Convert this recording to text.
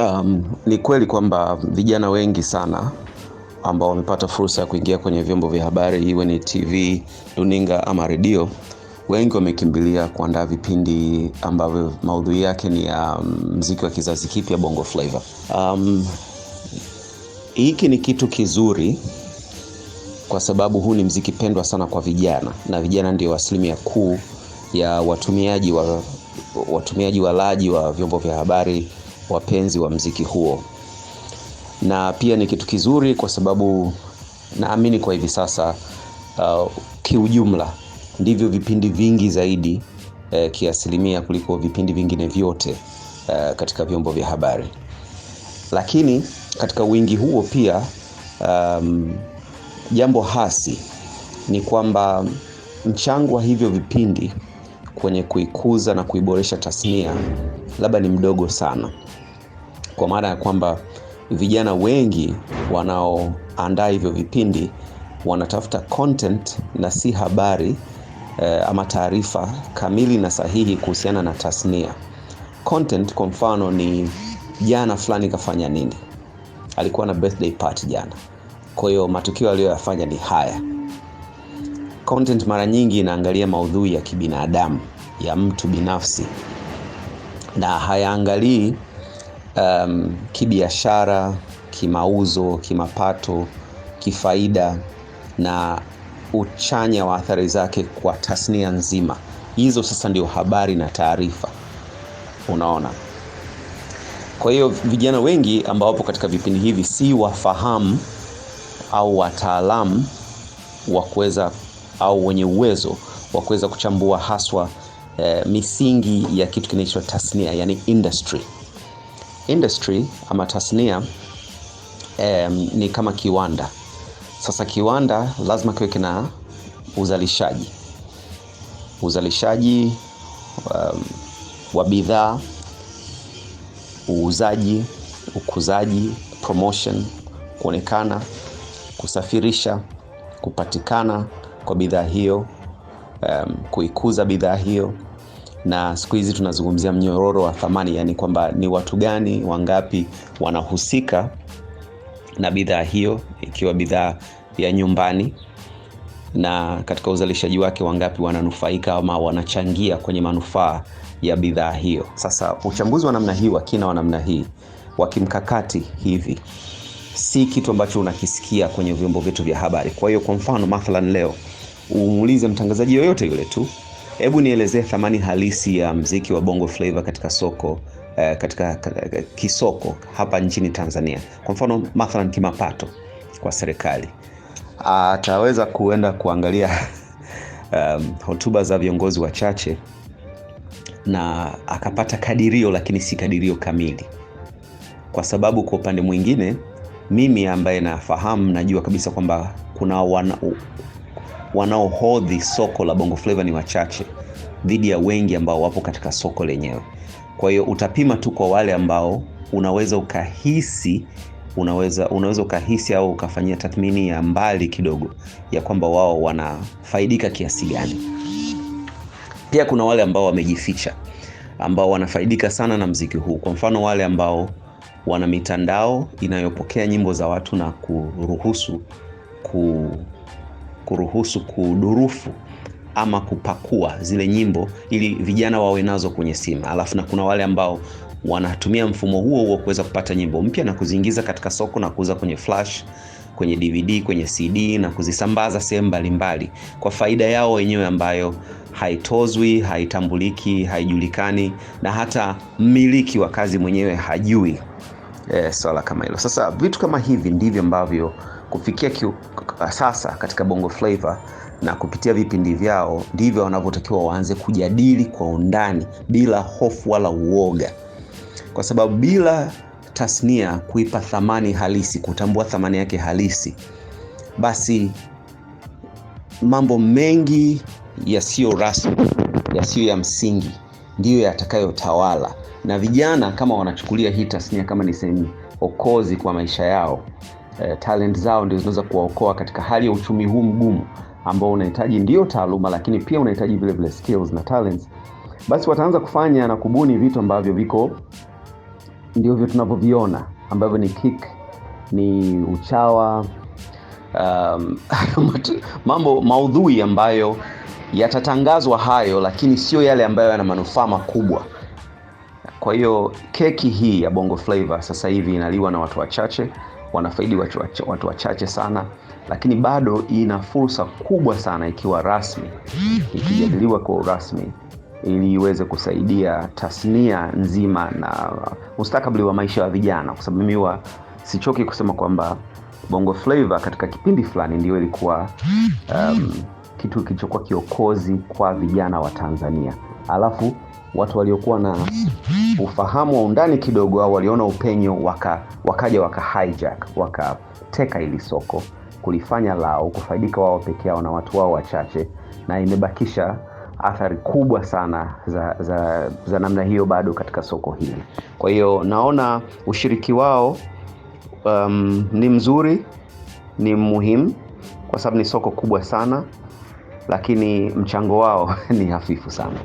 Um, ni kweli kwamba vijana wengi sana ambao wamepata fursa ya kuingia kwenye vyombo vya habari iwe ni TV, runinga ama redio, wengi wamekimbilia kuandaa vipindi ambavyo maudhui yake ni ya um, mziki wa kizazi kipya bongo flava. Um, hiki ni kitu kizuri kwa sababu huu ni mziki pendwa sana kwa vijana, na vijana ndio asilimia kuu ya watumiaji wa watumiaji walaji wa vyombo vya habari wapenzi wa mziki huo, na pia ni kitu kizuri kwa sababu naamini kwa hivi sasa uh, kiujumla ndivyo vipindi vingi zaidi uh, kiasilimia kuliko vipindi vingine vyote uh, katika vyombo vya habari, lakini katika wingi huo pia um, jambo hasi ni kwamba mchango wa hivyo vipindi kwenye kuikuza na kuiboresha tasnia labda ni mdogo sana kwa maana ya kwamba vijana wengi wanaoandaa hivyo vipindi wanatafuta content na si habari eh, ama taarifa kamili na sahihi kuhusiana na tasnia. Content kwa mfano ni jana fulani kafanya nini, alikuwa na birthday party jana, kwa hiyo matukio aliyoyafanya ni haya. Content mara nyingi inaangalia maudhui ya kibinadamu ya mtu binafsi na hayaangalii um, kibiashara, kimauzo, kimapato, kifaida na uchanya wa athari zake kwa tasnia nzima. Hizo sasa ndio habari na taarifa, unaona. Kwa hiyo vijana wengi ambao wapo katika vipindi hivi si wafahamu au wataalamu wa kuweza au wenye uwezo wa kuweza kuchambua haswa eh, misingi ya kitu kinaitwa tasnia, yani industry. Industry ama tasnia um, ni kama kiwanda. Sasa kiwanda lazima kiwe kina uzalishaji, uzalishaji um, wa bidhaa, uuzaji, ukuzaji, promotion, kuonekana, kusafirisha, kupatikana kwa bidhaa hiyo, um, kuikuza bidhaa hiyo na siku hizi tunazungumzia mnyororo wa thamani, yani kwamba ni watu gani wangapi wanahusika na bidhaa hiyo, ikiwa bidhaa ya nyumbani, na katika uzalishaji wake wangapi wananufaika ama wanachangia kwenye manufaa ya bidhaa hiyo. Sasa uchambuzi wa namna hii wa kina wa namna hii wa kimkakati hivi si kitu ambacho unakisikia kwenye vyombo vyetu vya habari. Kwa hiyo, kwa mfano mathalan, leo umuulize mtangazaji yoyote yule tu Hebu nielezee thamani halisi ya mziki wa Bongo flavor katika soko eh, katika eh, kisoko hapa nchini Tanzania, kwa mfano mathalan kimapato kwa serikali. Ataweza kuenda kuangalia um, hotuba za viongozi wachache na akapata kadirio, lakini si kadirio kamili, kwa sababu kwa upande mwingine mimi ambaye nafahamu najua kabisa kwamba kuna wana, wanaohodhi soko la Bongo Flava ni wachache dhidi ya wengi ambao wapo katika soko lenyewe. Kwa hiyo utapima tu kwa wale ambao unaweza ukahisi unaweza unaweza ukahisi au ukafanyia tathmini ya mbali kidogo ya kwamba wao wanafaidika kiasi gani. Pia kuna wale ambao wamejificha ambao wanafaidika sana na mziki huu. Kwa mfano, wale ambao wana mitandao inayopokea nyimbo za watu na kuruhusu ku kuruhusu kudurufu ama kupakua zile nyimbo ili vijana wawe nazo kwenye simu. Alafu na kuna wale ambao wanatumia mfumo huo huo kuweza kupata nyimbo mpya na kuziingiza katika soko na kuuza kwenye flash, kwenye DVD, kwenye CD na kuzisambaza sehemu mbalimbali kwa faida yao wenyewe ambayo haitozwi, haitambuliki, haijulikani na hata mmiliki wa kazi mwenyewe hajui. eh, swala kama hilo. Sasa vitu kama hivi ndivyo ambavyo kufikia kiu, sasa katika Bongo flavor na kupitia vipindi vyao ndivyo wanavyotakiwa waanze kujadili kwa undani bila hofu wala uoga, kwa sababu bila tasnia kuipa thamani halisi, kutambua thamani yake halisi, basi mambo mengi yasiyo rasmi, yasiyo ya msingi ndiyo yatakayotawala, na vijana kama wanachukulia hii tasnia kama ni sehemu okozi kwa maisha yao, eh, talent zao ndio zinaweza kuwaokoa katika hali ya uchumi huu mgumu ambao unahitaji ndio taaluma, lakini pia unahitaji vile vile skills na talents, basi wataanza kufanya na kubuni vitu ambavyo viko ndivyo tunavyoviona ambavyo ni kick, ni uchawa um, mambo maudhui ambayo yatatangazwa hayo, lakini sio yale ambayo yana manufaa makubwa. Kwa hiyo keki hii ya Bongo flavor sasa hivi inaliwa na watu wachache wanafaidi watu wachache sana, lakini bado ina fursa kubwa sana ikiwa rasmi, ikijadiliwa kwa urasmi, ili iweze kusaidia tasnia nzima na mustakabali wa maisha ya vijana, kwa sababu mimi huwa sichoki kusema kwamba Bongo Flava katika kipindi fulani ndio ilikuwa um, kitu kilichokuwa kiokozi kwa vijana wa Tanzania alafu watu waliokuwa na ufahamu wa undani kidogo au waliona upenyo waka, wakaja waka hijack wakateka hili soko kulifanya lao kufaidika wao peke yao na watu wao wachache na imebakisha athari kubwa sana za, za, za namna hiyo bado katika soko hili kwa hiyo naona ushiriki wao um, ni mzuri ni muhimu kwa sababu ni soko kubwa sana lakini mchango wao ni hafifu sana